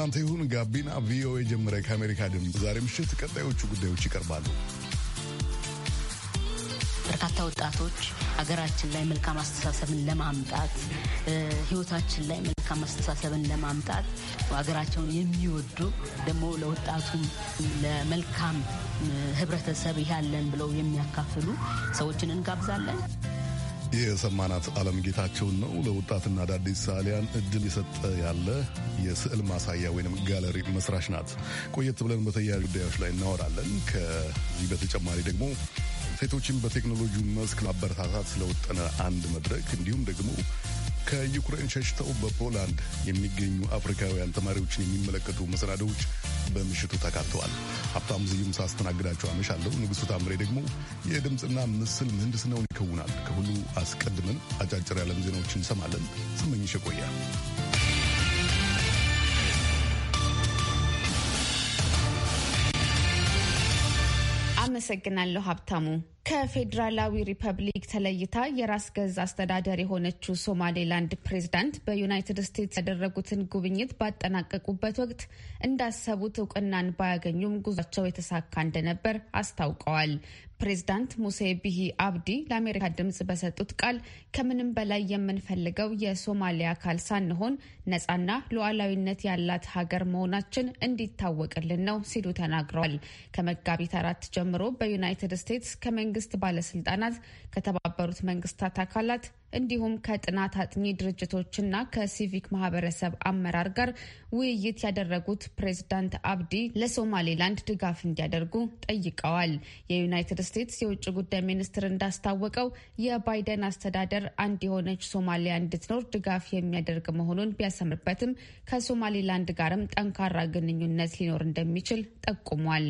ከእናንተ ይሁን። ጋቢና ቪኦኤ ጀመረ። ከአሜሪካ ድምፅ ዛሬ ምሽት ቀጣዮቹ ጉዳዮች ይቀርባሉ። በርካታ ወጣቶች ሀገራችን ላይ መልካም አስተሳሰብን ለማምጣት ህይወታችን ላይ መልካም አስተሳሰብን ለማምጣት ሀገራቸውን የሚወዱ ደግሞ ለወጣቱም ለመልካም ህብረተሰብ ያለን ብለው የሚያካፍሉ ሰዎችን እንጋብዛለን። የሰማናት ዓለም ጌታቸውን ነው። ለወጣትና አዳዲስ ሳሊያን እድል የሰጠ ያለ የስዕል ማሳያ ወይም ጋለሪ መስራች ናት። ቆየት ብለን በተያያዥ ጉዳዮች ላይ እናወራለን። ከዚህ በተጨማሪ ደግሞ ሴቶችን በቴክኖሎጂ መስክ ማበረታታት ስለወጠነ አንድ መድረክ እንዲሁም ደግሞ ከዩክሬን ሸሽተው በፖላንድ የሚገኙ አፍሪካውያን ተማሪዎችን የሚመለከቱ መሰናዶዎች በምሽቱ ተካተዋል። ሀብታሙ ዝዩም ሳስተናግዳቸው አመሻለሁ። ንጉሡ ታምሬ ደግሞ የድምፅና ምስል ምህንድስናውን ይከውናል። ከሁሉ አስቀድመን አጫጭር ያለም ዜናዎችን እንሰማለን። ስመኝሽ ቆያ አመሰግናለሁ ሀብታሙ። ከፌዴራላዊ ሪፐብሊክ ተለይታ የራስ ገዝ አስተዳደር የሆነችው ሶማሌላንድ ፕሬዝዳንት በዩናይትድ ስቴትስ ያደረጉትን ጉብኝት ባጠናቀቁበት ወቅት እንዳሰቡት እውቅናን ባያገኙም ጉዟቸው የተሳካ እንደነበር አስታውቀዋል። ፕሬዝዳንት ሙሴ ቢሂ አብዲ ለአሜሪካ ድምፅ በሰጡት ቃል ከምንም በላይ የምንፈልገው የሶማሊያ አካል ሳንሆን ነፃና ሉዓላዊነት ያላት ሀገር መሆናችን እንዲታወቅልን ነው ሲሉ ተናግረዋል። ከመጋቢት አራት ጀምሮ በዩናይትድ ስቴትስ ከመንግስት ባለስልጣናት፣ ከተባበሩት መንግስታት አካላት እንዲሁም ከጥናት አጥኚ ድርጅቶችና ከሲቪክ ማህበረሰብ አመራር ጋር ውይይት ያደረጉት ፕሬዝዳንት አብዲ ለሶማሌላንድ ድጋፍ እንዲያደርጉ ጠይቀዋል። የዩናይትድ ስቴትስ የውጭ ጉዳይ ሚኒስትር እንዳስታወቀው የባይደን አስተዳደር አንድ የሆነች ሶማሊያ እንድትኖር ድጋፍ የሚያደርግ መሆኑን ቢያሰምርበትም ከሶማሌላንድ ጋርም ጠንካራ ግንኙነት ሊኖር እንደሚችል ጠቁሟል።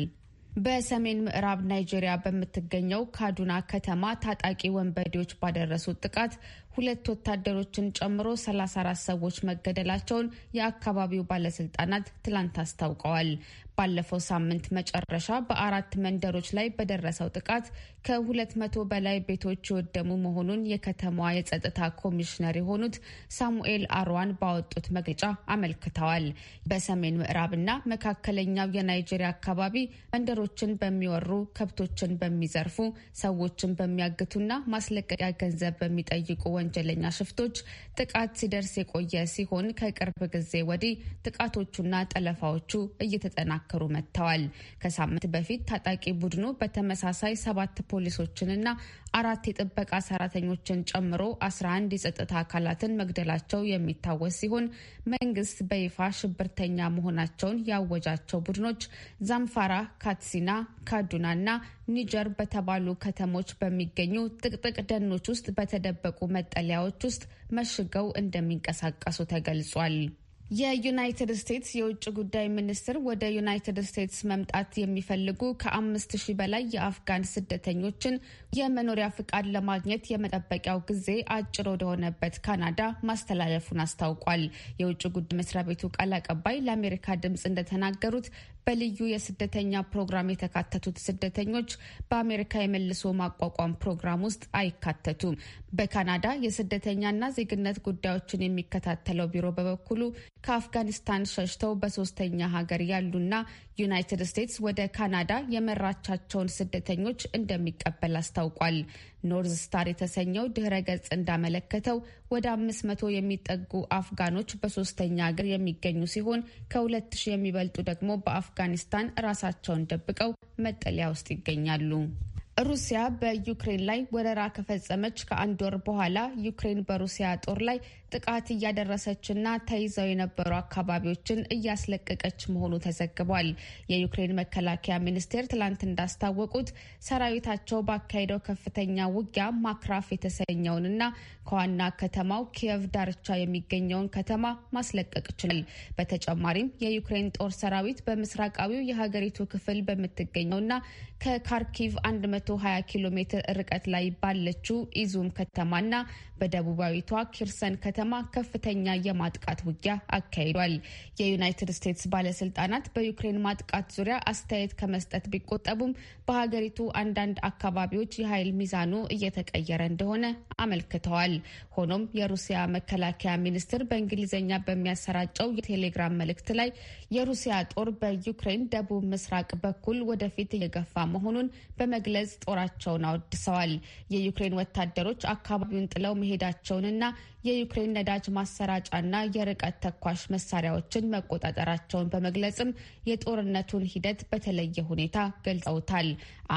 በሰሜን ምዕራብ ናይጄሪያ በምትገኘው ካዱና ከተማ ታጣቂ ወንበዴዎች ባደረሱት ጥቃት ሁለት ወታደሮችን ጨምሮ 34 ሰዎች መገደላቸውን የአካባቢው ባለስልጣናት ትላንት አስታውቀዋል። ባለፈው ሳምንት መጨረሻ በአራት መንደሮች ላይ በደረሰው ጥቃት ከ200 በላይ ቤቶች የወደሙ መሆኑን የከተማዋ የጸጥታ ኮሚሽነር የሆኑት ሳሙኤል አርዋን ባወጡት መግለጫ አመልክተዋል። በሰሜን ምዕራብና መካከለኛው የናይጄሪያ አካባቢ መንደሮችን በሚወሩ፣ ከብቶችን በሚዘርፉ፣ ሰዎችን በሚያግቱና ማስለቀቂያ ገንዘብ በሚጠይቁ ወንጀለኛ ሽፍቶች ጥቃት ሲደርስ የቆየ ሲሆን ከቅርብ ጊዜ ወዲህ ጥቃቶቹና ጠለፋዎቹ እየተጠናከ እየተጠናከሩ መጥተዋል። ከሳምንት በፊት ታጣቂ ቡድኑ በተመሳሳይ ሰባት ፖሊሶችንና አራት የጥበቃ ሰራተኞችን ጨምሮ 11 የጸጥታ አካላትን መግደላቸው የሚታወስ ሲሆን መንግስት በይፋ ሽብርተኛ መሆናቸውን ያወጃቸው ቡድኖች ዛምፋራ፣ ካትሲና፣ ካዱና እና ኒጀር በተባሉ ከተሞች በሚገኙ ጥቅጥቅ ደኖች ውስጥ በተደበቁ መጠለያዎች ውስጥ መሽገው እንደሚንቀሳቀሱ ተገልጿል። የዩናይትድ ስቴትስ የውጭ ጉዳይ ሚኒስትር ወደ ዩናይትድ ስቴትስ መምጣት የሚፈልጉ ከአምስት ሺህ በላይ የአፍጋን ስደተኞችን የመኖሪያ ፍቃድ ለማግኘት የመጠበቂያው ጊዜ አጭር ወደሆነበት ካናዳ ማስተላለፉን አስታውቋል። የውጭ ጉዳይ መስሪያ ቤቱ ቃል አቀባይ ለአሜሪካ ድምፅ እንደተናገሩት በልዩ የስደተኛ ፕሮግራም የተካተቱት ስደተኞች በአሜሪካ የመልሶ ማቋቋም ፕሮግራም ውስጥ አይካተቱም። በካናዳ የስደተኛና ዜግነት ጉዳዮችን የሚከታተለው ቢሮ በበኩሉ ከአፍጋኒስታን ሸሽተው በሶስተኛ ሀገር ያሉና ዩናይትድ ስቴትስ ወደ ካናዳ የመራቻቸውን ስደተኞች እንደሚቀበል አስታውቋል። ኖርዝ ስታር የተሰኘው ድህረ ገጽ እንዳመለከተው ወደ አምስት መቶ የሚጠጉ አፍጋኖች በሶስተኛ ሀገር የሚገኙ ሲሆን ከሁለት ሺህ የሚበልጡ ደግሞ በአፍጋኒስታን ራሳቸውን ደብቀው መጠለያ ውስጥ ይገኛሉ። ሩሲያ በዩክሬን ላይ ወረራ ከፈጸመች ከአንድ ወር በኋላ ዩክሬን በሩሲያ ጦር ላይ ጥቃት እያደረሰችና ተይዘው የነበሩ አካባቢዎችን እያስለቀቀች መሆኑ ተዘግቧል። የዩክሬን መከላከያ ሚኒስቴር ትላንት እንዳስታወቁት ሰራዊታቸው ባካሄደው ከፍተኛ ውጊያ ማክራፍ የተሰኘውንና ከዋና ከተማው ኪየቭ ዳርቻ የሚገኘውን ከተማ ማስለቀቅ ችላል። በተጨማሪም የዩክሬን ጦር ሰራዊት በምስራቃዊው የሀገሪቱ ክፍል በምትገኘውና ከካርኪቭ አንድ መቶ 220 ኪሎ ሜትር ርቀት ላይ ባለችው ኢዙም ከተማና በደቡባዊቷ ኪርሰን ከተማ ከፍተኛ የማጥቃት ውጊያ አካሂዷል። የዩናይትድ ስቴትስ ባለስልጣናት በዩክሬን ማጥቃት ዙሪያ አስተያየት ከመስጠት ቢቆጠቡም በሀገሪቱ አንዳንድ አካባቢዎች የኃይል ሚዛኑ እየተቀየረ እንደሆነ አመልክተዋል። ሆኖም የሩሲያ መከላከያ ሚኒስትር በእንግሊዝኛ በሚያሰራጨው የቴሌግራም መልእክት ላይ የሩሲያ ጦር በዩክሬን ደቡብ ምስራቅ በኩል ወደፊት እየገፋ መሆኑን በመግለጽ ጦራቸውን አወድሰዋል። የዩክሬን ወታደሮች አካባቢውን ጥለው መሄዳቸውንና የዩክሬን ነዳጅ ማሰራጫና የርቀት ተኳሽ መሳሪያዎችን መቆጣጠራቸውን በመግለጽም የጦርነቱን ሂደት በተለየ ሁኔታ ገልጸውታል።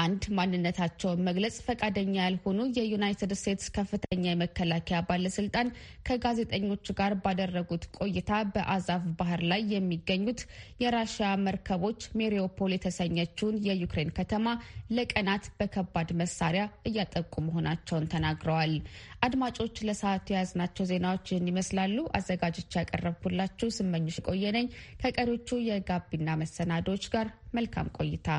አንድ ማንነታቸውን መግለጽ ፈቃደኛ ያልሆኑ የዩናይትድ ስቴትስ ከፍተኛ የመከላከያ ባለስልጣን ከጋዜጠኞች ጋር ባደረጉት ቆይታ በአዛቭ ባህር ላይ የሚገኙት የራሽያ መርከቦች ሜሪዮፖል የተሰኘችውን የዩክሬን ከተማ ለቀናት በከባድ መሳሪያ እያጠቁ መሆናቸውን ተናግረዋል። አድማጮች ለሰዓቱ የያዝናቸው የያዝናቸው ዜናዎች ይህን ይመስላሉ። አዘጋጆች ያቀረብኩላችሁ ስመኝሽ ቆየነኝ። ከቀሪዎቹ የጋቢና መሰናዶዎች ጋር መልካም ቆይታ።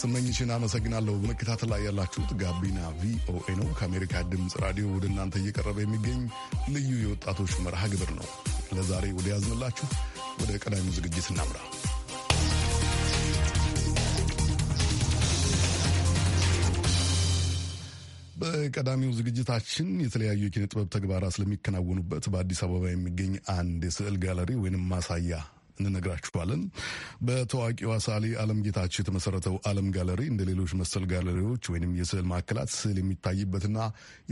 ስመኝችን አመሰግናለሁ። በመከታተል ላይ ያላችሁት ጋቢና ቪኦኤ ነው። ከአሜሪካ ድምፅ ራዲዮ ወደ እናንተ እየቀረበ የሚገኝ ልዩ የወጣቶች መርሃ ግብር ነው። ለዛሬ ወደ ያዝንላችሁ ወደ ቀዳሚው ዝግጅት እናምራ። በቀዳሚው ዝግጅታችን የተለያዩ የኪነ ጥበብ ተግባራት ስለሚከናወኑበት በአዲስ አበባ የሚገኝ አንድ የስዕል ጋለሪ ወይንም ማሳያ እንነግራችኋለን። በታዋቂዋ ሳሊ አለም ጌታቸው የተመሰረተው አለም ጋለሪ እንደ ሌሎች መሰል ጋለሪዎች ወይንም የስዕል ማዕከላት ስዕል የሚታይበትና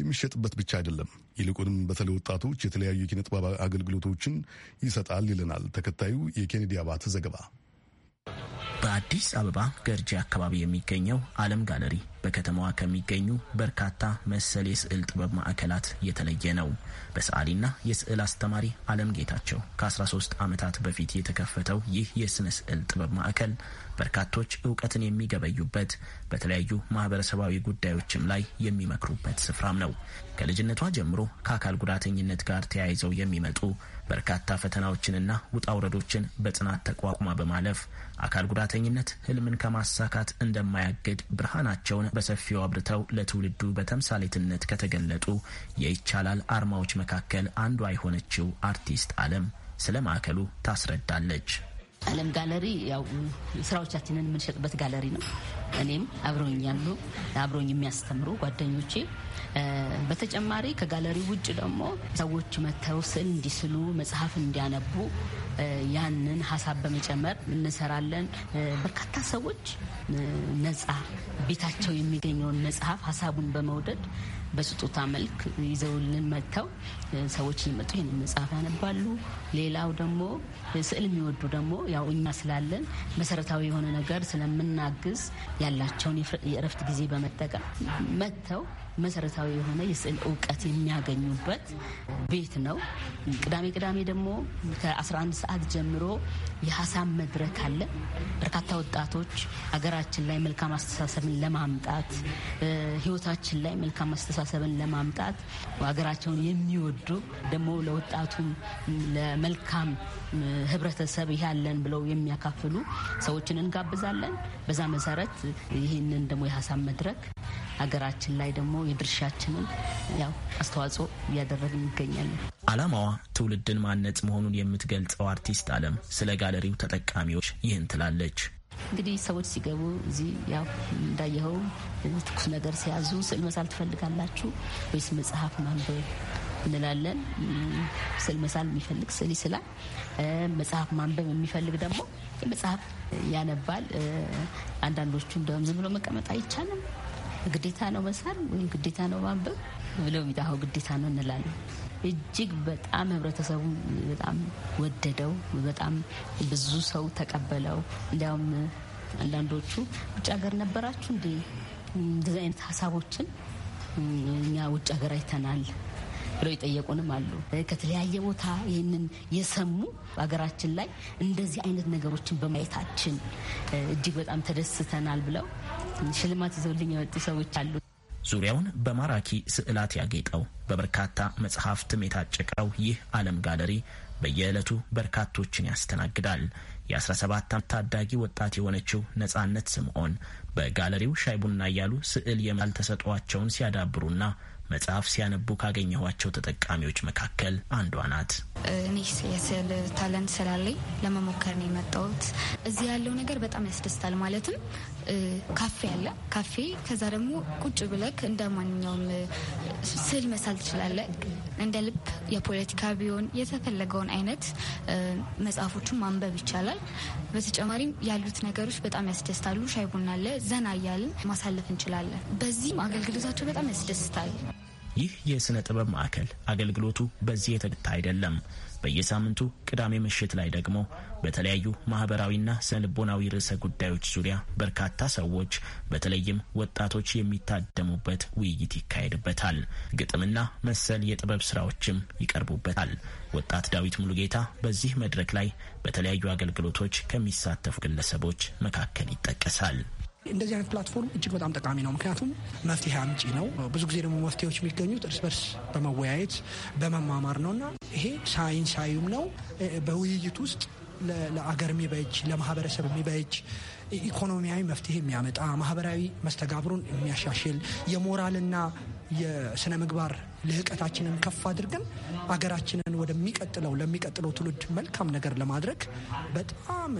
የሚሸጥበት ብቻ አይደለም። ይልቁንም በተለይ ወጣቶች የተለያዩ የኪነ ጥበብ አገልግሎቶችን ይሰጣል ይለናል ተከታዩ የኬኔዲ አባተ ዘገባ። በአዲስ አበባ ገርጂ አካባቢ የሚገኘው ዓለም ጋለሪ በከተማዋ ከሚገኙ በርካታ መሰል የስዕል ጥበብ ማዕከላት የተለየ ነው። በሰዓሊና የስዕል አስተማሪ ዓለም ጌታቸው ከ13 ዓመታት በፊት የተከፈተው ይህ የስነ ስዕል ጥበብ ማዕከል በርካቶች እውቀትን የሚገበዩበት፣ በተለያዩ ማህበረሰባዊ ጉዳዮችም ላይ የሚመክሩበት ስፍራም ነው። ከልጅነቷ ጀምሮ ከአካል ጉዳተኝነት ጋር ተያይዘው የሚመጡ በርካታ ፈተናዎችንና ውጣ ውረዶችን በጽናት ተቋቁማ በማለፍ አካል ጉዳተኝነት ህልምን ከማሳካት እንደማያግድ ብርሃናቸውን በሰፊው አብርተው ለትውልዱ በተምሳሌትነት ከተገለጡ የይቻላል አርማዎች መካከል አንዷ የሆነችው አርቲስት አለም ስለ ማዕከሉ ታስረዳለች። አለም ጋለሪ ያው ስራዎቻችንን የምንሸጥበት ጋለሪ ነው። እኔም አብረውኝ ያሉ አብረውኝ የሚያስተምሩ ጓደኞቼ በተጨማሪ ከጋለሪ ውጭ ደግሞ ሰዎች መጥተው ስዕል እንዲስሉ መጽሐፍ እንዲያነቡ ያንን ሀሳብ በመጨመር እንሰራለን። በርካታ ሰዎች ነጻ ቤታቸው የሚገኘውን መጽሐፍ ሀሳቡን በመውደድ በስጦታ መልክ ይዘውልን መጥተው ሰዎች እየመጡ ይህን መጽሐፍ ያነባሉ። ሌላው ደግሞ ስዕል የሚወዱ ደግሞ ያው እኛ ስላለን መሰረታዊ የሆነ ነገር ስለምናግዝ ያላቸውን የእረፍት ጊዜ በመጠቀም መጥተው መሰረታዊ የሆነ የስዕል እውቀት የሚያገኙበት ቤት ነው። ቅዳሜ ቅዳሜ ደግሞ ከ11 ሰዓት ጀምሮ የሀሳብ መድረክ አለ። በርካታ ወጣቶች ሀገራችን ላይ መልካም አስተሳሰብን ለማምጣት ህይወታችን ላይ መልካም አስተሳሰብን ለማምጣት ሀገራቸውን የሚወዱ ደግሞ ለወጣቱም ለመልካም ህብረተሰብ ይህ ያለን ብለው የሚያካፍሉ ሰዎችን እንጋብዛለን። በዛ መሰረት ይህንን ደግሞ የሀሳብ መድረክ ሀገራችን ላይ ደግሞ የድርሻችንን ያው አስተዋጽኦ እያደረግን እንገኛለን። አላማዋ ትውልድን ማነጽ መሆኑን የምትገልጸው አርቲስት አለም ስለ ጋለሪው ተጠቃሚዎች ይህን ትላለች። እንግዲህ ሰዎች ሲገቡ እዚህ ያው እንዳየኸው ትኩስ ነገር ሲያዙ ስዕል መሳል ትፈልጋላችሁ ወይስ መጽሐፍ ማንበብ እንላለን። ስዕል መሳል የሚፈልግ ስዕል ይስላል። መጽሐፍ ማንበብ የሚፈልግ ደግሞ መጽሐፍ ያነባል። አንዳንዶቹ እንደውም ዝም ብሎ መቀመጥ አይቻልም ግዴታ ነው መሳል ወይም ግዴታ ነው ማንበብ ብለው የሚጣኸው ግዴታ ነው እንላለን። እጅግ በጣም ህብረተሰቡ በጣም ወደደው፣ በጣም ብዙ ሰው ተቀበለው። እንዲያውም አንዳንዶቹ ውጭ ሀገር ነበራችሁ እንዲ እንደዚህ አይነት ሀሳቦችን እኛ ውጭ ሀገር አይተናል ብለው የጠየቁንም አሉ። ከተለያየ ቦታ ይህንን የሰሙ ሀገራችን ላይ እንደዚህ አይነት ነገሮችን በማየታችን እጅግ በጣም ተደስተናል ብለው ሽልማት ይዘውልኝ የመጡ ሰዎች አሉ። ዙሪያውን በማራኪ ስዕላት ያጌጠው በበርካታ መጽሐፍትም የታጨቀው ይህ ዓለም ጋለሪ በየዕለቱ በርካቶችን ያስተናግዳል። የ17 ዓመት ታዳጊ ወጣት የሆነችው ነጻነት ስምዖን በጋለሪው ሻይ ቡና እያሉ ስዕል የመሳል ተሰጥኦአቸውን ሲያዳብሩና መጽሐፍ ሲያነቡ ካገኘኋቸው ተጠቃሚዎች መካከል አንዷ ናት። እኔ የስዕል ታለንት ስላለኝ ለመሞከር ነው የመጣሁት። እዚህ ያለው ነገር በጣም ያስደስታል። ማለትም ካፌ አለ። ካፌ ከዛ ደግሞ ቁጭ ብለክ እንደ ማንኛውም ስዕል መሳል ትችላለህ። እንደ ልብ የፖለቲካ ቢሆን የተፈለገውን አይነት መጽሐፎቹን ማንበብ ይቻላል። በተጨማሪም ያሉት ነገሮች በጣም ያስደስታሉ። ሻይ ቡና አለ። ዘና እያልን ማሳለፍ እንችላለን። በዚህም አገልግሎታቸው በጣም ያስደስታል። ይህ የሥነ ጥበብ ማዕከል አገልግሎቱ በዚህ የተግታ አይደለም። በየሳምንቱ ቅዳሜ ምሽት ላይ ደግሞ በተለያዩ ማህበራዊና ስነልቦናዊ ርዕሰ ጉዳዮች ዙሪያ በርካታ ሰዎች በተለይም ወጣቶች የሚታደሙበት ውይይት ይካሄድበታል። ግጥምና መሰል የጥበብ ስራዎችም ይቀርቡበታል። ወጣት ዳዊት ሙሉጌታ በዚህ መድረክ ላይ በተለያዩ አገልግሎቶች ከሚሳተፉ ግለሰቦች መካከል ይጠቀሳል። እንደዚህ አይነት ፕላትፎርም እጅግ በጣም ጠቃሚ ነው። ምክንያቱም መፍትሄ አምጪ ነው። ብዙ ጊዜ ደግሞ መፍትሄዎች የሚገኙት እርስ በርስ በመወያየት በመማማር ነው እና ይሄ ሳይንሳዊም ነው። በውይይት ውስጥ ለአገር የሚበጅ ለማህበረሰብ የሚበጅ ኢኮኖሚያዊ መፍትሄ የሚያመጣ ማህበራዊ መስተጋብሩን የሚያሻሽል የሞራልና የስነ ምግባር ልህቀታችንን ከፍ አድርገን አገራችንን ወደሚቀጥለው ለሚቀጥለው ትውልድ መልካም ነገር ለማድረግ በጣም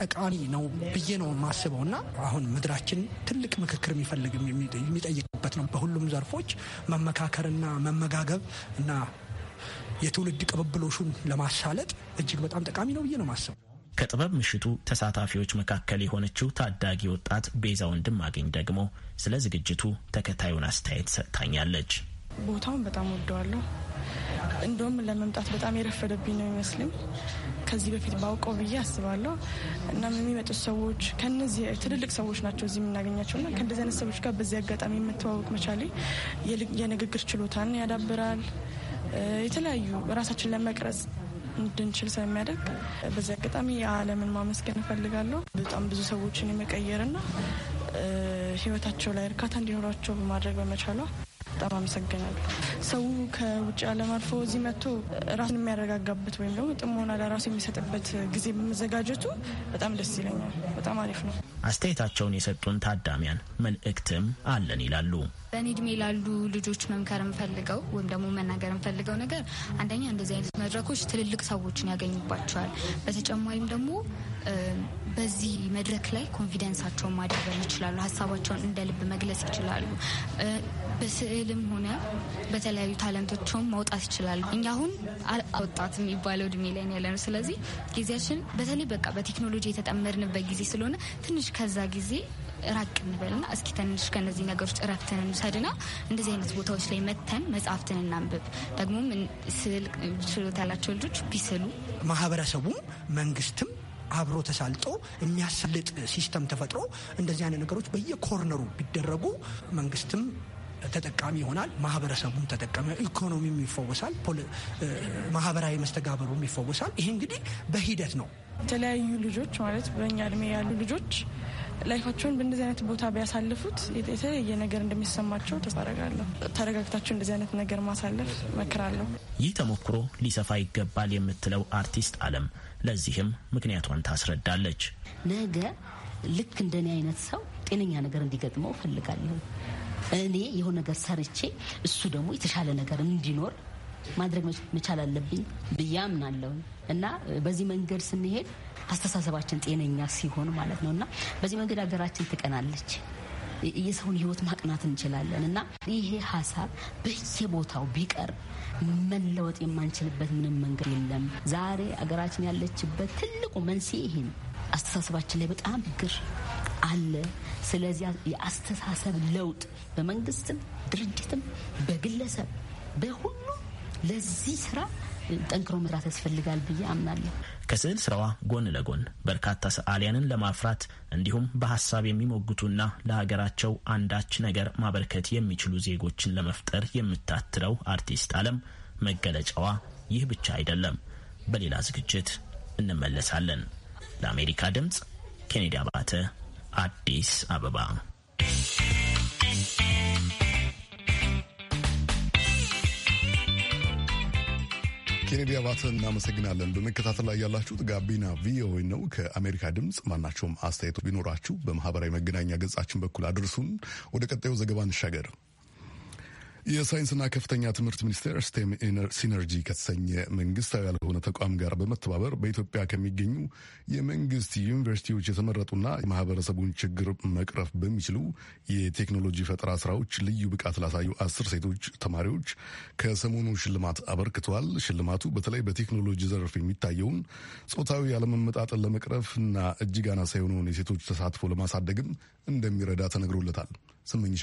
ጠቃሚ ነው ብዬ ነው የማስበው እና አሁን ምድራችን ትልቅ ምክክር የሚፈልግ የሚጠይቅበት ነው። በሁሉም ዘርፎች መመካከርና መመጋገብ እና የትውልድ ቅብብሎሹን ለማሳለጥ እጅግ በጣም ጠቃሚ ነው ብዬ ነው የማስበው። ከጥበብ ምሽቱ ተሳታፊዎች መካከል የሆነችው ታዳጊ ወጣት ቤዛ አገኝ ደግሞ ስለ ዝግጅቱ ተከታዩን አስተያየት ሰጥታኛለች። ቦታውን በጣም ወደዋለሁ። እንደውም ለመምጣት በጣም የረፈደብኝ ነው ይመስልም ከዚህ በፊት ባውቀው ብዬ አስባለሁ። እናም የሚመጡት ሰዎች ከነዚህ ትልልቅ ሰዎች ናቸው እዚህ የምናገኛቸው እና ከእንደዚህ አይነት ሰዎች ጋር በዚህ አጋጣሚ የምተዋወቅ መቻሌ የንግግር ችሎታን ያዳብራል። የተለያዩ ራሳችን ለመቅረጽ እንድንችል ስለሚያደርግ በዚህ አጋጣሚ የዓለምን ማመስገን እፈልጋለሁ። በጣም ብዙ ሰዎችን የመቀየርና ህይወታቸው ላይ እርካታ እንዲኖራቸው በማድረግ በመቻሏ በጣም አመሰግናለሁ። ሰው ከውጭ ዓለም አልፎ እዚህ መጥቶ ራሱን የሚያረጋጋበት ወይም ደግሞ ጥሞና ለራሱ የሚሰጥበት ጊዜ በመዘጋጀቱ በጣም ደስ ይለኛል። በጣም አሪፍ ነው። አስተያየታቸውን የሰጡን ታዳሚያን መልእክትም አለን ይላሉ። በእኔ እድሜ ላሉ ልጆች መምከር የምፈልገው ወይም ደግሞ መናገር የምፈልገው ነገር አንደኛ እንደዚህ አይነት መድረኮች ትልልቅ ሰዎችን ያገኙባቸዋል። በተጨማሪም ደግሞ በዚህ መድረክ ላይ ኮንፊደንሳቸውን ማዳበር ይችላሉ። ሀሳባቸውን እንደ ልብ መግለጽ ይችላሉ። በስዕልም ሆነ በተለያዩ ታለንቶቸውን ማውጣት ይችላሉ። እኛ አሁን አውጣት የሚባለው እድሜ ላይ ያለ ነው። ስለዚህ ጊዜያችን በተለይ በቃ በቴክኖሎጂ የተጠመርንበት ጊዜ ስለሆነ ትንሽ ከዛ ጊዜ ራቅ እንበልና እስኪ ትንሽ ከነዚህ ነገሮች እረፍትን እንውሰድና እንደዚህ አይነት ቦታዎች ላይ መተን መጽሐፍትን እናንብብ። ደግሞም ስል ችሎታ ያላቸው ልጆች ቢስሉ ማህበረሰቡም መንግስትም አብሮ ተሳልጦ የሚያሳልጥ ሲስተም ተፈጥሮ እንደዚህ አይነት ነገሮች በየኮርነሩ ቢደረጉ መንግስትም ተጠቃሚ ይሆናል። ማህበረሰቡም ተጠቀመ፣ ኢኮኖሚም ይፈወሳል፣ ማህበራዊ መስተጋበሩም ይፈወሳል። ይሄ እንግዲህ በሂደት ነው። የተለያዩ ልጆች ማለት በእኛ እድሜ ያሉ ልጆች ላይፋቸውን በእንደዚህ አይነት ቦታ ቢያሳልፉት የተለየ ነገር እንደሚሰማቸው ተስፋ አደርጋለሁ። ተረጋግታቸው እንደዚህ አይነት ነገር ማሳለፍ መክራለሁ። ይህ ተሞክሮ ሊሰፋ ይገባል የምትለው አርቲስት አለም ለዚህም ምክንያቷን ታስረዳለች። ነገ ልክ እንደኔ አይነት ሰው ጤነኛ ነገር እንዲገጥመው እፈልጋለሁ። እኔ የሆነ ነገር ሰርቼ እሱ ደግሞ የተሻለ ነገር እንዲኖር ማድረግ መቻል አለብኝ ብዬ አምናለሁ እና በዚህ መንገድ ስንሄድ አስተሳሰባችን ጤነኛ ሲሆን ማለት ነው እና በዚህ መንገድ ሀገራችን ትቀናለች። የሰውን ህይወት ማቅናት እንችላለን እና ይሄ ሀሳብ በየቦታው ቢቀር መለወጥ የማንችልበት ምንም መንገድ የለም። ዛሬ አገራችን ያለችበት ትልቁ መንስኤ ይሄ ነው። አስተሳሰባችን ላይ በጣም ግር አለ። ስለዚህ የአስተሳሰብ ለውጥ በመንግስትም ድርጅትም በግለሰብ በሁሉ ለዚህ ስራ ጠንክሮ መስራት ያስፈልጋል ብዬ አምናለሁ። ከስዕል ስራዋ ጎን ለጎን በርካታ ሰዓሊያንን ለማፍራት እንዲሁም በሀሳብ የሚሞግቱና ለሀገራቸው አንዳች ነገር ማበርከት የሚችሉ ዜጎችን ለመፍጠር የምታትረው አርቲስት አለም መገለጫዋ ይህ ብቻ አይደለም። በሌላ ዝግጅት እንመለሳለን። ለአሜሪካ ድምፅ ኬኔዲ አባተ አዲስ አበባ። ኬኔዲ አባተ እናመሰግናለን። በመከታተል ላይ ያላችሁት ጋቢና ቪኦኤ ነው ከአሜሪካ ድምፅ። ማናቸውም አስተያየቶ ቢኖራችሁ በማህበራዊ መገናኛ ገጻችን በኩል አድርሱን። ወደ ቀጣዩ ዘገባ እንሻገር። የሳይንስና ከፍተኛ ትምህርት ሚኒስቴር ስቴም ሲነርጂ ከተሰኘ መንግስታዊ ያልሆነ ተቋም ጋር በመተባበር በኢትዮጵያ ከሚገኙ የመንግስት ዩኒቨርሲቲዎች የተመረጡና የማህበረሰቡን ችግር መቅረፍ በሚችሉ የቴክኖሎጂ ፈጠራ ስራዎች ልዩ ብቃት ላሳዩ አስር ሴቶች ተማሪዎች ከሰሞኑ ሽልማት አበርክተዋል። ሽልማቱ በተለይ በቴክኖሎጂ ዘርፍ የሚታየውን ጾታዊ ያለመመጣጠን ለመቅረፍ እና እጅግ አናሳ የሆነውን የሴቶች ተሳትፎ ለማሳደግም እንደሚረዳ ተነግሮለታል። ስመኝሽ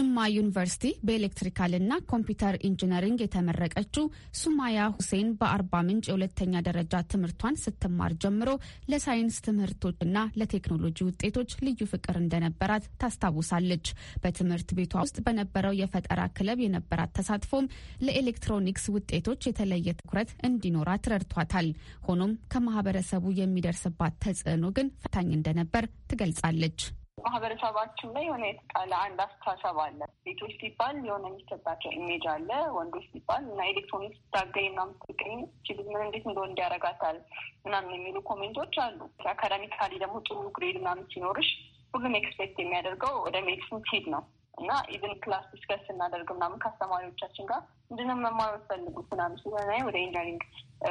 ከጅማ ዩኒቨርሲቲ በኤሌክትሪካልና ኮምፒውተር ኢንጂነሪንግ የተመረቀችው ሱማያ ሁሴን በአርባ ምንጭ የሁለተኛ ደረጃ ትምህርቷን ስትማር ጀምሮ ለሳይንስ ትምህርቶችና ለቴክኖሎጂ ውጤቶች ልዩ ፍቅር እንደነበራት ታስታውሳለች። በትምህርት ቤቷ ውስጥ በነበረው የፈጠራ ክለብ የነበራት ተሳትፎም ለኤሌክትሮኒክስ ውጤቶች የተለየ ትኩረት እንዲኖራት ረድቷታል። ሆኖም ከማህበረሰቡ የሚደርስባት ተጽዕኖ ግን ፈታኝ እንደነበር ትገልጻለች። ማህበረሰባችን ላይ የሆነ የተጣለ አንድ አስተሳሰብ አለ። ሴቶች ሲባል የሆነ የሚሰጣቸው ኢሜጅ አለ። ወንዶች ሲባል እና ኤሌክትሮኒክስ ስታገኝ ና ምትገኝ ችግር ምን እንዴት እንደሆን እንዲያረጋታል ምናምን የሚሉ ኮሜንቶች አሉ። አካዳሚካሊ ደግሞ ጥሩ ግሬድ ምናምን ሲኖርሽ ሁሉም ኤክስፔክት የሚያደርገው ወደ ሜዲሲን ሲሄድ ነው እና ኢቨን ክላስ ዲስከስ ስናደርግ ምናምን ከአስተማሪዎቻችን ጋር እንድንም ነው መማር የምትፈልጉት ምናምን ሲሆን ወደ ኢንጂኒሪንግ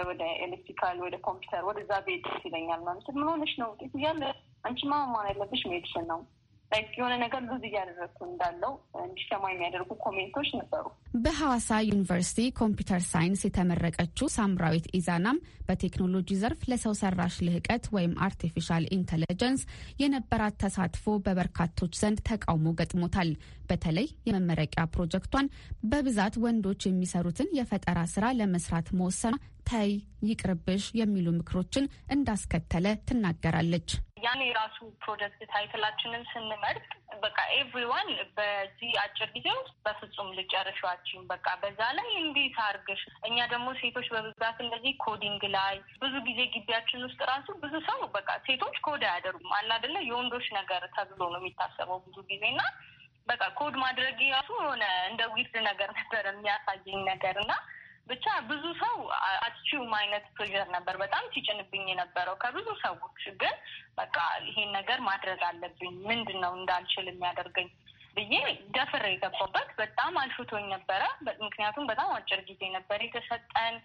ወደ ኤሌክትሪካል፣ ወደ ኮምፒውተር ወደዛ ቤድ ይለኛል ምናምን ምን ሆነሽ ነው ውጤት እያለ አንቺ ማማር ያለብሽ ሜዲሽን ነው ላይክ የሆነ ነገር ብዙ እያደረግኩ እንዳለው እንዲሰማ የሚያደርጉ ኮሜንቶች ነበሩ። በሐዋሳ ዩኒቨርሲቲ ኮምፒውተር ሳይንስ የተመረቀችው ሳምራዊት ኢዛናም በቴክኖሎጂ ዘርፍ ለሰው ሰራሽ ልህቀት ወይም አርቲፊሻል ኢንተለጀንስ የነበራት ተሳትፎ በበርካቶች ዘንድ ተቃውሞ ገጥሞታል። በተለይ የመመረቂያ ፕሮጀክቷን በብዛት ወንዶች የሚሰሩትን የፈጠራ ስራ ለመስራት መወሰኗ ተይ ይቅርብሽ የሚሉ ምክሮችን እንዳስከተለ ትናገራለች። ያን የራሱ ፕሮጀክት ታይትላችንን ስንመርጥ በቃ ኤቭሪዋን በዚህ አጭር ጊዜ ውስጥ በፍጹም ልጨርሻችን በቃ በዛ ላይ እንዴት አርግሽ። እኛ ደግሞ ሴቶች በብዛት እንደዚህ ኮዲንግ ላይ ብዙ ጊዜ ግቢያችን ውስጥ ራሱ ብዙ ሰው በቃ ሴቶች ኮድ አያደርጉም አላደለ የወንዶች ነገር ተብሎ ነው የሚታሰበው ብዙ ጊዜና በቃ ኮድ ማድረግ ራሱ የሆነ እንደ ዊርድ ነገር ነበር የሚያሳየኝ ነገር እና ብቻ ብዙ ሰው አትችውም አይነት ፕሬዠር ነበር በጣም ሲጭንብኝ የነበረው ከብዙ ሰዎች። ግን በቃ ይሄን ነገር ማድረግ አለብኝ ምንድን ነው እንዳልችል የሚያደርገኝ ብዬ ደፍር የገባበት በጣም አልፍቶኝ ነበረ። ምክንያቱም በጣም አጭር ጊዜ ነበር የተሰጠን።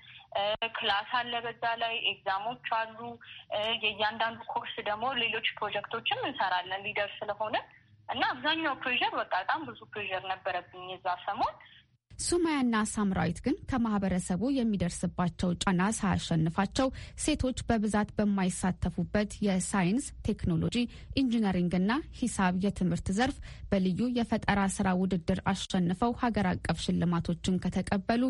ክላስ አለ፣ በዛ ላይ ኤግዛሞች አሉ። የእያንዳንዱ ኮርስ ደግሞ ሌሎች ፕሮጀክቶችም እንሰራለን ሊደር ስለሆነ እና አብዛኛው ፕሬዠር በቃ በጣም ብዙ ፕሬዠር ነበረብኝ የዛ ሰሞን ሱማያና ሳምራዊት ግን ከማህበረሰቡ የሚደርስባቸው ጫና ሳያሸንፋቸው ሴቶች በብዛት በማይሳተፉበት የሳይንስ ቴክኖሎጂ፣ ኢንጂነሪንግና ሂሳብ የትምህርት ዘርፍ በልዩ የፈጠራ ስራ ውድድር አሸንፈው ሀገር አቀፍ ሽልማቶችን ከተቀበሉ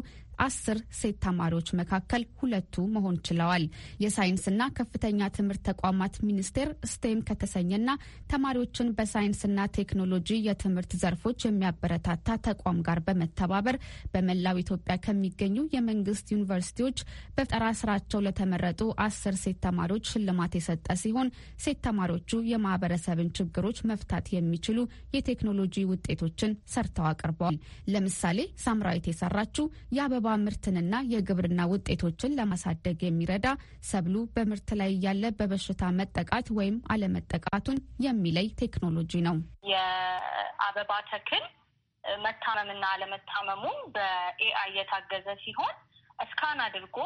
አስር ሴት ተማሪዎች መካከል ሁለቱ መሆን ችለዋል። የሳይንስና ከፍተኛ ትምህርት ተቋማት ሚኒስቴር ስቴም ከተሰኘና ተማሪዎችን በሳይንስና ቴክኖሎጂ የትምህርት ዘርፎች የሚያበረታታ ተቋም ጋር በመተባበር በመላው ኢትዮጵያ ከሚገኙ የመንግስት ዩኒቨርሲቲዎች በፈጠራ ስራቸው ለተመረጡ አስር ሴት ተማሪዎች ሽልማት የሰጠ ሲሆን ሴት ተማሪዎቹ የማህበረሰብን ችግሮች መፍታት የሚችሉ የቴክኖሎጂ ውጤቶችን ሰርተው አቅርበዋል። ለምሳሌ ሳምራዊት የሰራችው የአበ የወባ ምርትንና የግብርና ውጤቶችን ለማሳደግ የሚረዳ ሰብሉ በምርት ላይ እያለ በበሽታ መጠቃት ወይም አለመጠቃቱን የሚለይ ቴክኖሎጂ ነው። የአበባ ተክል መታመምና አለመታመሙ በኤአይ የታገዘ ሲሆን እስካን አድርጎ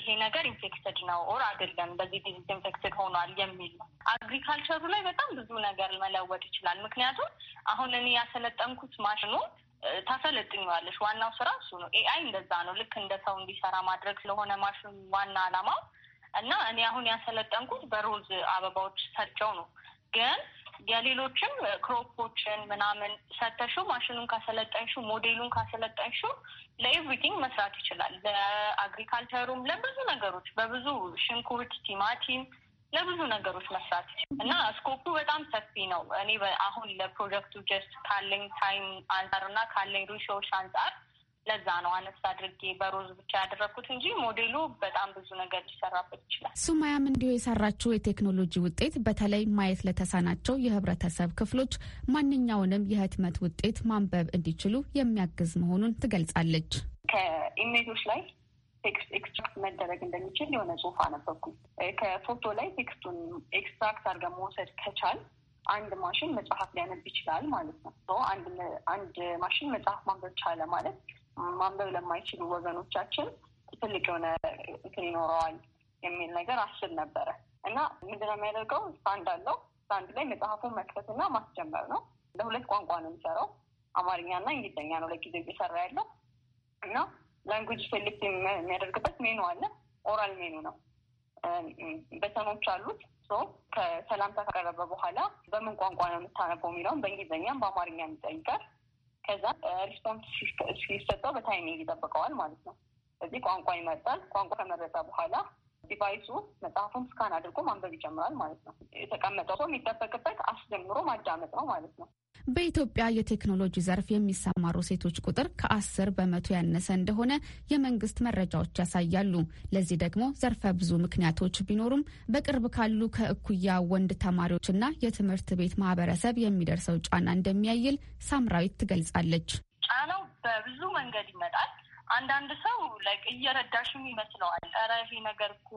ይሄ ነገር ኢንፌክትድ ነው ኦር አይደለም፣ በዚህ ዲዚዝ ኢንፌክትድ ሆኗል የሚል ነው። አግሪካልቸሩ ላይ በጣም ብዙ ነገር መለወጥ ይችላል። ምክንያቱም አሁን እኔ ያሰለጠንኩት ማሽኑ ታሰለጥኛዋለሽ። ዋናው ስራ እሱ ነው። ኤአይ እንደዛ ነው። ልክ እንደ ሰው እንዲሰራ ማድረግ ስለሆነ ማሽን ዋና አላማው እና እኔ አሁን ያሰለጠንኩት በሮዝ አበባዎች ሰርቸው ነው። ግን የሌሎችም ክሮፖችን ምናምን ሰተሹ ማሽኑን ካሰለጠንሹ፣ ሞዴሉን ካሰለጠንሹ ለኤቭሪቲንግ መስራት ይችላል። ለአግሪካልቸሩም፣ ለብዙ ነገሮች በብዙ ሽንኩርት፣ ቲማቲም ለብዙ ነገሮች መስራት እና ስኮፑ በጣም ሰፊ ነው። እኔ አሁን ለፕሮጀክቱ ጀስት ካለኝ ታይም አንጻር እና ካለኝ ሪሶርስ አንጻር ለዛ ነው አነስ አድርጌ በሮዝ ብቻ ያደረግኩት እንጂ ሞዴሉ በጣም ብዙ ነገር ሊሰራበት ይችላል። ሱማያም እንዲሁ የሰራችው የቴክኖሎጂ ውጤት በተለይ ማየት ለተሳናቸው የህብረተሰብ ክፍሎች ማንኛውንም የህትመት ውጤት ማንበብ እንዲችሉ የሚያግዝ መሆኑን ትገልጻለች። ከኢሜሎች ላይ ቴክስት ኤክስትራክት መደረግ እንደሚችል የሆነ ጽሁፍ አነበብኩኝ። ከፎቶ ላይ ቴክስቱን ኤክስትራክት አድርገን መውሰድ ከቻል አንድ ማሽን መጽሐፍ ሊያነብ ይችላል ማለት ነው። አንድ ማሽን መጽሐፍ ማንበብ ቻለ ማለት ማንበብ ለማይችሉ ወገኖቻችን ትልቅ የሆነ እንትን ይኖረዋል የሚል ነገር አስብ ነበረ እና ምንድን ነው የሚያደርገው? ስታንድ አለው። ስታንድ ላይ መጽሐፉን መክፈትና ማስጀመር ነው። ለሁለት ቋንቋ ነው የሚሰራው፣ አማርኛና እንግሊዝኛ ነው ለጊዜው እየሰራ ያለው እና ላንጉጅ ሴሌክት የሚያደርግበት ሜኑ አለ። ኦራል ሜኑ ነው። በተኖች አሉት። ከሰላምታ ከቀረበ በኋላ በምን ቋንቋ ነው የምታነበው የሚለውን በእንግሊዝኛም በአማርኛ ይጠይቃል። ከዛ ሪስፖንስ ሲሰጠው በታይሚንግ ይጠብቀዋል ማለት ነው። እዚህ ቋንቋ ይመርጣል። ቋንቋ ከመረጠ በኋላ ዲቫይሱ መጽሐፉን ስካን አድርጎ ማንበብ ይጀምራል ማለት ነው። የተቀመጠው ሰው የሚጠበቅበት አስጀምሮ ማዳመጥ ነው ማለት ነው። በኢትዮጵያ የቴክኖሎጂ ዘርፍ የሚሰማሩ ሴቶች ቁጥር ከአስር በመቶ ያነሰ እንደሆነ የመንግስት መረጃዎች ያሳያሉ። ለዚህ ደግሞ ዘርፈ ብዙ ምክንያቶች ቢኖሩም በቅርብ ካሉ ከእኩያ ወንድ ተማሪዎችና የትምህርት ቤት ማህበረሰብ የሚደርሰው ጫና እንደሚያይል ሳምራዊት ትገልጻለች። ጫናው በብዙ መንገድ ይመጣል። አንዳንድ ሰው ላይክ እየረዳሽም ይመስለዋል። ኧረ ይሄ ነገር እኮ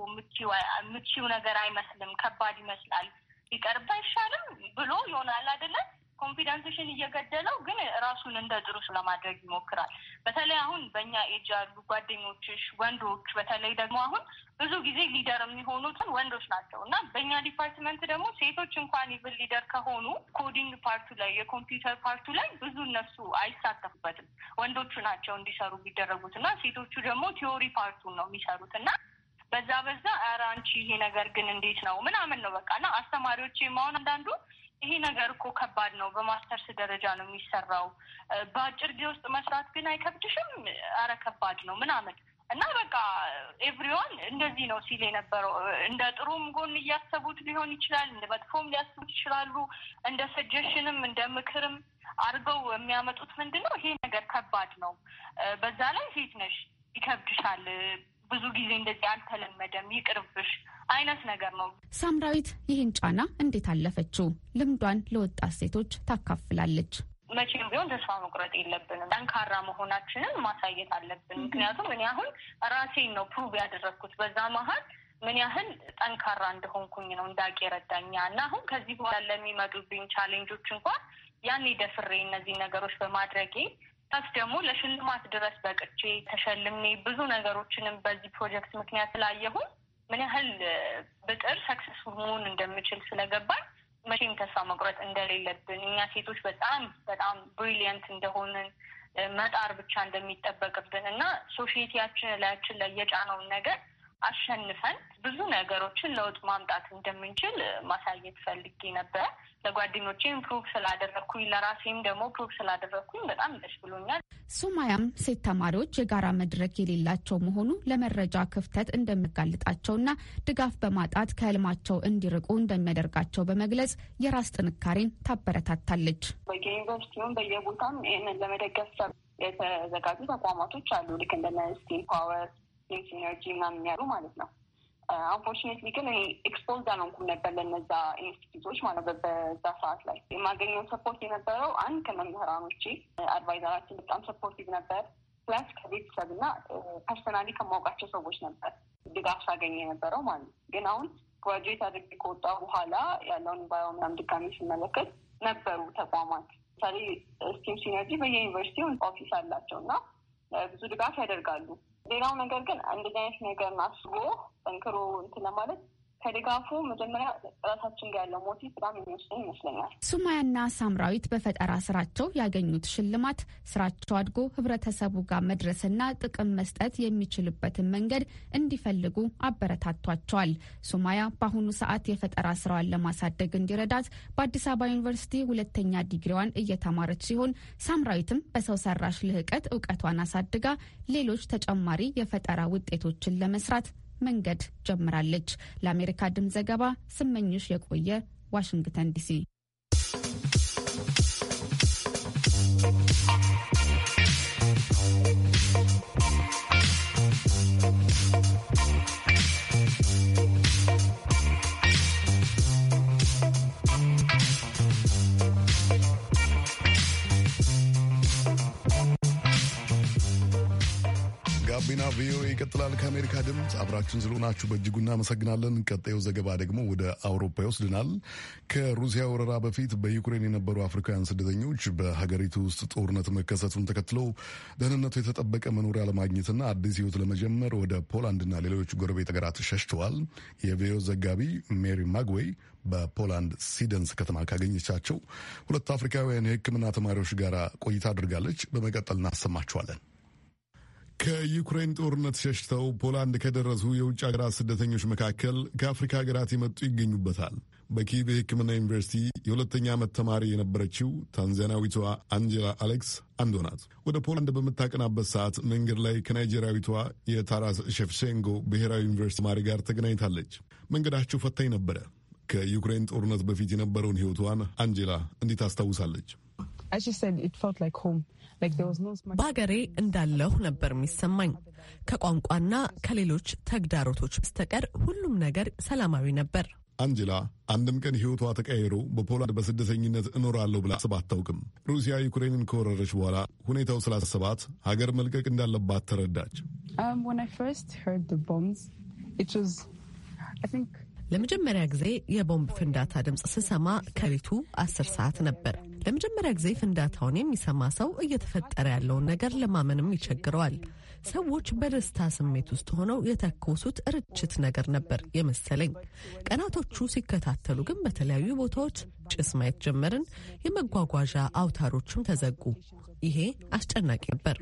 የምትይው ነገር አይመስልም፣ ከባድ ይመስላል፣ ቢቀርብ አይሻልም ብሎ ይሆናል አይደለም ኮንፊደንስሽን እየገደለው ግን ራሱን እንደ ጥሩ ለማድረግ ይሞክራል። በተለይ አሁን በእኛ ኤጅ ያሉ ጓደኞችሽ ወንዶች፣ በተለይ ደግሞ አሁን ብዙ ጊዜ ሊደር የሚሆኑትን ወንዶች ናቸው እና በእኛ ዲፓርትመንት ደግሞ ሴቶች እንኳን ይብል ሊደር ከሆኑ ኮዲንግ ፓርቱ ላይ የኮምፒውተር ፓርቱ ላይ ብዙ እነሱ አይሳተፉበትም። ወንዶቹ ናቸው እንዲሰሩ የሚደረጉት እና ሴቶቹ ደግሞ ቲዮሪ ፓርቱን ነው የሚሰሩት እና በዛ በዛ አራንቺ ይሄ ነገር ግን እንዴት ነው ምናምን ነው በቃ እና አስተማሪዎች ማሆን አንዳንዱ ይሄ ነገር እኮ ከባድ ነው። በማስተርስ ደረጃ ነው የሚሰራው። በአጭር ጊዜ ውስጥ መስራት ግን አይከብድሽም? አረ ከባድ ነው ምናምን እና በቃ ኤቭሪዋን እንደዚህ ነው ሲል የነበረው። እንደ ጥሩም ጎን እያሰቡት ሊሆን ይችላል፣ እንደ መጥፎም ሊያስቡት ይችላሉ። እንደ ሰጀሽንም እንደ ምክርም አድርገው የሚያመጡት ምንድን ነው ይሄ ነገር ከባድ ነው፣ በዛ ላይ ሴት ነሽ ይከብድሻል ብዙ ጊዜ እንደዚህ አልተለመደም፣ ይቅርብሽ አይነት ነገር ነው። ሳምራዊት ይህን ጫና እንዴት አለፈችው? ልምዷን ለወጣት ሴቶች ታካፍላለች። መቼም ቢሆን ተስፋ መቁረጥ የለብንም። ጠንካራ መሆናችንን ማሳየት አለብን። ምክንያቱም እኔ አሁን ራሴን ነው ፕሩብ ያደረግኩት። በዛ መሀል ምን ያህል ጠንካራ እንደሆንኩኝ ነው እንዳቅ የረዳኛ እና አሁን ከዚህ በኋላ ለሚመጡብኝ ቻሌንጆች እንኳን ያኔ ደፍሬ እነዚህ ነገሮች በማድረጌ ስ ደግሞ ለሽልማት ድረስ በቅቼ ተሸልሜ ብዙ ነገሮችንም በዚህ ፕሮጀክት ምክንያት ስላየሁን ምን ያህል ብጥር ሰክሰስ መሆን እንደምችል ስለገባኝ መቼም ተስፋ መቁረጥ እንደሌለብን እኛ ሴቶች በጣም በጣም ብሪሊየንት እንደሆንን መጣር ብቻ እንደሚጠበቅብን እና ሶሽቲያችን ላያችን ላይ የጫነውን ነገር አሸንፈን ብዙ ነገሮችን ለውጥ ማምጣት እንደምንችል ማሳየት ፈልጌ ነበረ። ለጓደኞቼም ፕሩቭ ስላደረግኩኝ፣ ለራሴም ደግሞ ፕሩቭ ስላደረግኩኝ በጣም ደስ ብሎኛል። ሱማያም ሴት ተማሪዎች የጋራ መድረክ የሌላቸው መሆኑ ለመረጃ ክፍተት እንደሚያጋልጣቸውና ድጋፍ በማጣት ከህልማቸው እንዲርቁ እንደሚያደርጋቸው በመግለጽ የራስ ጥንካሬን ታበረታታለች። በየዩኒቨርሲቲውም በየቦታም ይህንን ለመደገፍ የተዘጋጁ ተቋማቶች አሉ ልክ እንደነ ስቲም ፓወር የሲነርጂ ምናምን ያሉ ማለት ነው። አንፎርችኔትሊ ግን እኔ ኤክስፖዝ አልሆንኩም ነበር ለነዛ ኢንስቲቱቶች ማለት በዛ ሰዓት ላይ የማገኘው ሰፖርት የነበረው አንድ ከመምህራኖቼ አድቫይዘራችን በጣም ሰፖርቲቭ ነበር። ፕላስ ከቤተሰብ እና ፐርሰናሊ ከማውቃቸው ሰዎች ነበር ድጋፍ ሳገኘ የነበረው ማለት ነው። ግን አሁን ግራጁዌት አድርጌ ከወጣ በኋላ ያለውን ባዮ ድጋሚ ስመለከት ነበሩ ተቋማት ለምሳሌ ስቲም ሲነርጂ በየዩኒቨርሲቲው ኦፊስ አላቸው እና ብዙ ድጋፍ ያደርጋሉ ሌላው ነገር ግን እንደዚህ አይነት ነገር አስቦ ጠንክሮ እንትን ለማለት ከድጋፉ መጀመሪያ ራሳችን ጋር ያለው ሞቲቭ በጣም የሚወስደን ይመስለኛል። ሱማያና ሳምራዊት በፈጠራ ስራቸው ያገኙት ሽልማት ስራቸው አድጎ ህብረተሰቡ ጋር መድረስና ጥቅም መስጠት የሚችልበትን መንገድ እንዲፈልጉ አበረታቷቸዋል። ሱማያ በአሁኑ ሰዓት የፈጠራ ስራዋን ለማሳደግ እንዲረዳት በአዲስ አበባ ዩኒቨርሲቲ ሁለተኛ ዲግሪዋን እየተማረች ሲሆን፣ ሳምራዊትም በሰው ሰራሽ ልህቀት እውቀቷን አሳድጋ ሌሎች ተጨማሪ የፈጠራ ውጤቶችን ለመስራት መንገድ ጀምራለች። ለአሜሪካ ድምፅ ዘገባ ስመኝሽ የቆየ ዋሽንግተን ዲሲ ይቀጥላል። ከአሜሪካ ድምፅ አብራችን ስለሆናችሁ በእጅጉ እናመሰግናለን። ቀጣዩ ዘገባ ደግሞ ወደ አውሮፓ ይወስድናል። ከሩሲያ ወረራ በፊት በዩክሬን የነበሩ አፍሪካውያን ስደተኞች በሀገሪቱ ውስጥ ጦርነት መከሰቱን ተከትሎ ደህንነቱ የተጠበቀ መኖሪያ ለማግኘትና አዲስ ሕይወት ለመጀመር ወደ ፖላንድና ሌሎች ጎረቤት ሀገራት ሸሽተዋል። የቪዮ ዘጋቢ ሜሪ ማግዌይ በፖላንድ ሲደንስ ከተማ ካገኘቻቸው ሁለት አፍሪካውያን የሕክምና ተማሪዎች ጋር ቆይታ አድርጋለች። በመቀጠል እናሰማችኋለን። ከዩክሬን ጦርነት ሸሽተው ፖላንድ ከደረሱ የውጭ ሀገራት ስደተኞች መካከል ከአፍሪካ ሀገራት የመጡ ይገኙበታል። በኪቭ የሕክምና ዩኒቨርሲቲ የሁለተኛ ዓመት ተማሪ የነበረችው ታንዛኒያዊቷ አንጀላ አሌክስ አንዷ ናት። ወደ ፖላንድ በምታቀናበት ሰዓት መንገድ ላይ ከናይጄሪያዊቷ የታራስ ሸፍሴንጎ ብሔራዊ ዩኒቨርሲቲ ተማሪ ጋር ተገናኝታለች። መንገዳቸው ፈታኝ ነበረ። ከዩክሬን ጦርነት በፊት የነበረውን ሕይወቷን አንጀላ እንዲህ አስታውሳለች በሀገሬ እንዳለሁ ነበር የሚሰማኝ። ከቋንቋና ከሌሎች ተግዳሮቶች በስተቀር ሁሉም ነገር ሰላማዊ ነበር። አንጀላ አንድም ቀን ሕይወቷ ተቀያይሮ በፖላንድ በስደተኝነት እኖራለሁ ብላ አስባ አታውቅም። ሩሲያ ዩክሬንን ከወረረች በኋላ ሁኔታው ስላሰባት ሀገር መልቀቅ እንዳለባት ተረዳች። um, ለመጀመሪያ ጊዜ የቦምብ ፍንዳታ ድምፅ ስሰማ ከሌቱ አስር ሰዓት ነበር። ለመጀመሪያ ጊዜ ፍንዳታውን የሚሰማ ሰው እየተፈጠረ ያለውን ነገር ለማመንም ይቸግረዋል። ሰዎች በደስታ ስሜት ውስጥ ሆነው የተኮሱት ርችት ነገር ነበር የመሰለኝ። ቀናቶቹ ሲከታተሉ ግን በተለያዩ ቦታዎች ጭስ ማየት ጀመርን። የመጓጓዣ አውታሮችም ተዘጉ። ይሄ አስጨናቂ ነበር።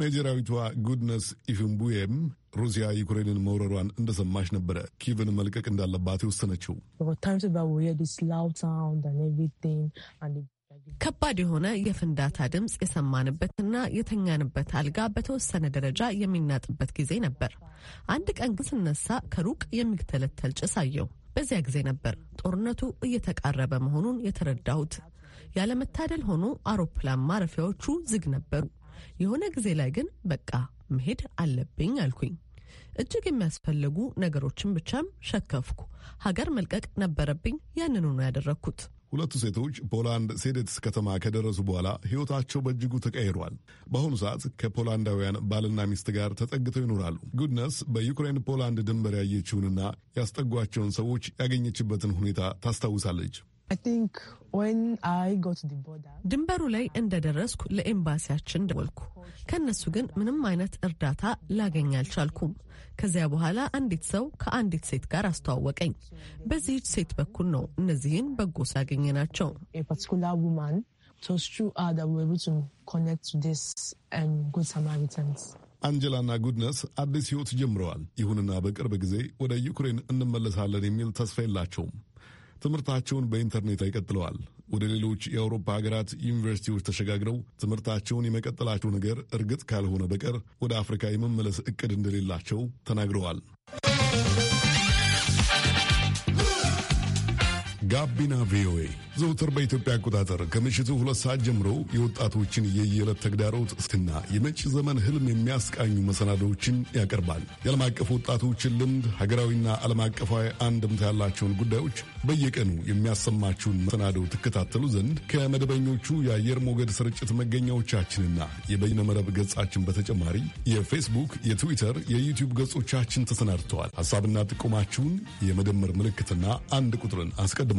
ናይጄሪያዊቷ ጉድነስ ኢፍምቡዬም ሩሲያ ዩክሬንን መውረሯን እንደሰማች ነበረ ኪቭን መልቀቅ እንዳለባት የወሰነችው። ከባድ የሆነ የፍንዳታ ድምፅ የሰማንበትና የተኛንበት አልጋ በተወሰነ ደረጃ የሚናጥበት ጊዜ ነበር። አንድ ቀን ግን ስነሳ ከሩቅ የሚተለተል ጭስ አየው። በዚያ ጊዜ ነበር ጦርነቱ እየተቃረበ መሆኑን የተረዳሁት። ያለመታደል ሆኖ አውሮፕላን ማረፊያዎቹ ዝግ ነበሩ። የሆነ ጊዜ ላይ ግን በቃ መሄድ አለብኝ አልኩኝ። እጅግ የሚያስፈልጉ ነገሮችን ብቻም ሸከፍኩ። ሀገር መልቀቅ ነበረብኝ። ያንኑ ነው ያደረግኩት። ሁለቱ ሴቶች ፖላንድ ሴዴትስ ከተማ ከደረሱ በኋላ ሕይወታቸው በእጅጉ ተቀይሯል። በአሁኑ ሰዓት ከፖላንዳውያን ባልና ሚስት ጋር ተጠግተው ይኖራሉ። ጉድነስ በዩክሬን ፖላንድ ድንበር ያየችውንና ያስጠጓቸውን ሰዎች ያገኘችበትን ሁኔታ ታስታውሳለች። ድንበሩ ላይ እንደደረስኩ ለኤምባሲያችን ደወልኩ። ከእነሱ ግን ምንም አይነት እርዳታ ላገኝ አልቻልኩም። ከዚያ በኋላ አንዲት ሰው ከአንዲት ሴት ጋር አስተዋወቀኝ። በዚህች ሴት በኩል ነው እነዚህን በጎ ስላገኘ ናቸው። አንጀላና ጉድነስ አዲስ ሕይወት ጀምረዋል። ይሁንና በቅርብ ጊዜ ወደ ዩክሬን እንመለሳለን የሚል ተስፋ የላቸውም። ትምህርታቸውን በኢንተርኔት አይቀጥለዋል። ወደ ሌሎች የአውሮፓ ሀገራት ዩኒቨርሲቲዎች ተሸጋግረው ትምህርታቸውን የመቀጠላቸው ነገር እርግጥ ካልሆነ በቀር ወደ አፍሪካ የመመለስ እቅድ እንደሌላቸው ተናግረዋል። ጋቢና ቪኦኤ ዘውትር በኢትዮጵያ አቆጣጠር ከምሽቱ ሁለት ሰዓት ጀምሮ የወጣቶችን የየዕለት ተግዳሮት እና የመጪ ዘመን ህልም የሚያስቃኙ መሰናዶዎችን ያቀርባል። የዓለም አቀፍ ወጣቶችን ልምድ፣ ሀገራዊና ዓለም አቀፋዊ አንድምታ ያላቸውን ጉዳዮች በየቀኑ የሚያሰማችሁን መሰናዶ ትከታተሉ ዘንድ ከመደበኞቹ የአየር ሞገድ ስርጭት መገኛዎቻችንና የበይነ መረብ ገጻችን በተጨማሪ የፌስቡክ፣ የትዊተር፣ የዩቲዩብ ገጾቻችን ተሰናድተዋል። ሐሳብና ጥቆማችሁን የመደመር ምልክትና አንድ ቁጥርን አስቀድማል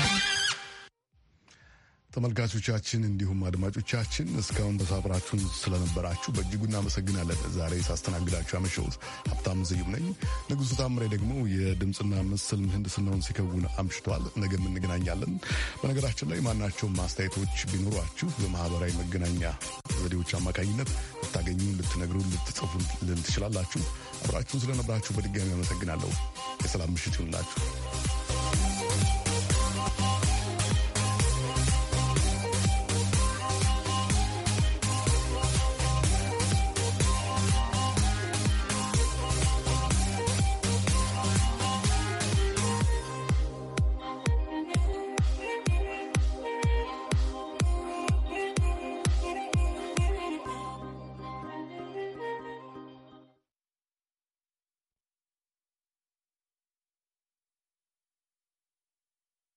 ተመልካቾቻችን እንዲሁም አድማጮቻችን እስካሁን በሳብራችሁን ስለነበራችሁ በእጅጉ እናመሰግናለን። ዛሬ ሳስተናግዳችሁ ያመሸሁት ሀብታም ዝዩም ነኝ። ንጉሱ ታምሬ ደግሞ የድምፅና ምስል ምህንድስናውን ሲከውን አምሽቷል። ነገም እንገናኛለን። በነገራችን ላይ ማናቸውም ማስተያየቶች ቢኖሯችሁ በማህበራዊ መገናኛ ዘዴዎች አማካኝነት ልታገኙ፣ ልትነግሩ፣ ልትጽፉ ልል ትችላላችሁ። አብራችሁን ስለነበራችሁ በድጋሚ አመሰግናለሁ። የሰላም ምሽት ይሁንላችሁ።